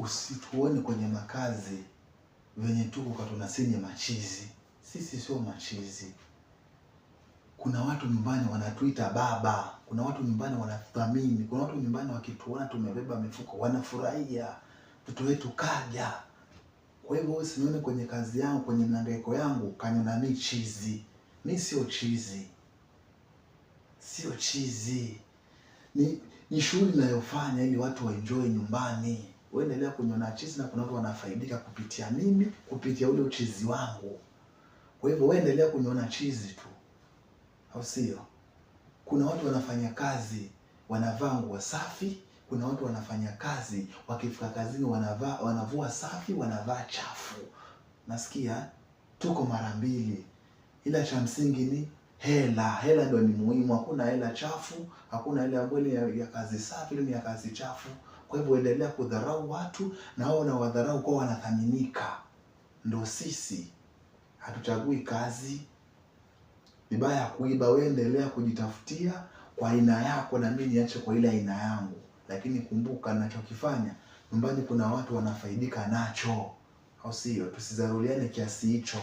usituone kwenye makazi venye tuko katunasinye machizi. Sisi sio machizi. Kuna watu nyumbani wanatuita baba, kuna watu nyumbani wanathamini, kuna watu nyumbani wakituona tumebeba mifuko wanafurahia, mtoto wetu kaja. Kwa hivyo usinione kwenye kazi yangu, kwenye miangaiko yangu kaniona mi chizi. Mi sio chizi, sio chizi. Ni, ni shughuli inayofanya ili watu waenjoy nyumbani wewe endelea kunyona chizi na kuna watu wanafaidika kupitia mimi, kupitia ule uchizi wangu. Kwa hivyo wewe endelea kunyona chizi tu, au sio? Kuna watu wanafanya kazi wanavaa nguo safi, kuna watu wanafanya kazi wakifika kazini wanavaa wanavua safi, wanavaa chafu. Nasikia tuko mara mbili, ila cha msingi ni hela. Hela ndio ni muhimu. Hakuna hela chafu, hakuna hela ambayo ya kazi safi, ni ya kazi chafu. Kwa hivyo endelea kudharau watu na wao na wadharau kwa wanathaminika. Ndio sisi hatuchagui kazi. Vibaya ya kuiba, wewe endelea kujitafutia kwa aina yako, na mimi niache kwa ile aina yangu. Lakini kumbuka, nachokifanya nyumbani kuna watu wanafaidika nacho, au sio? Tusizaruliane kiasi hicho.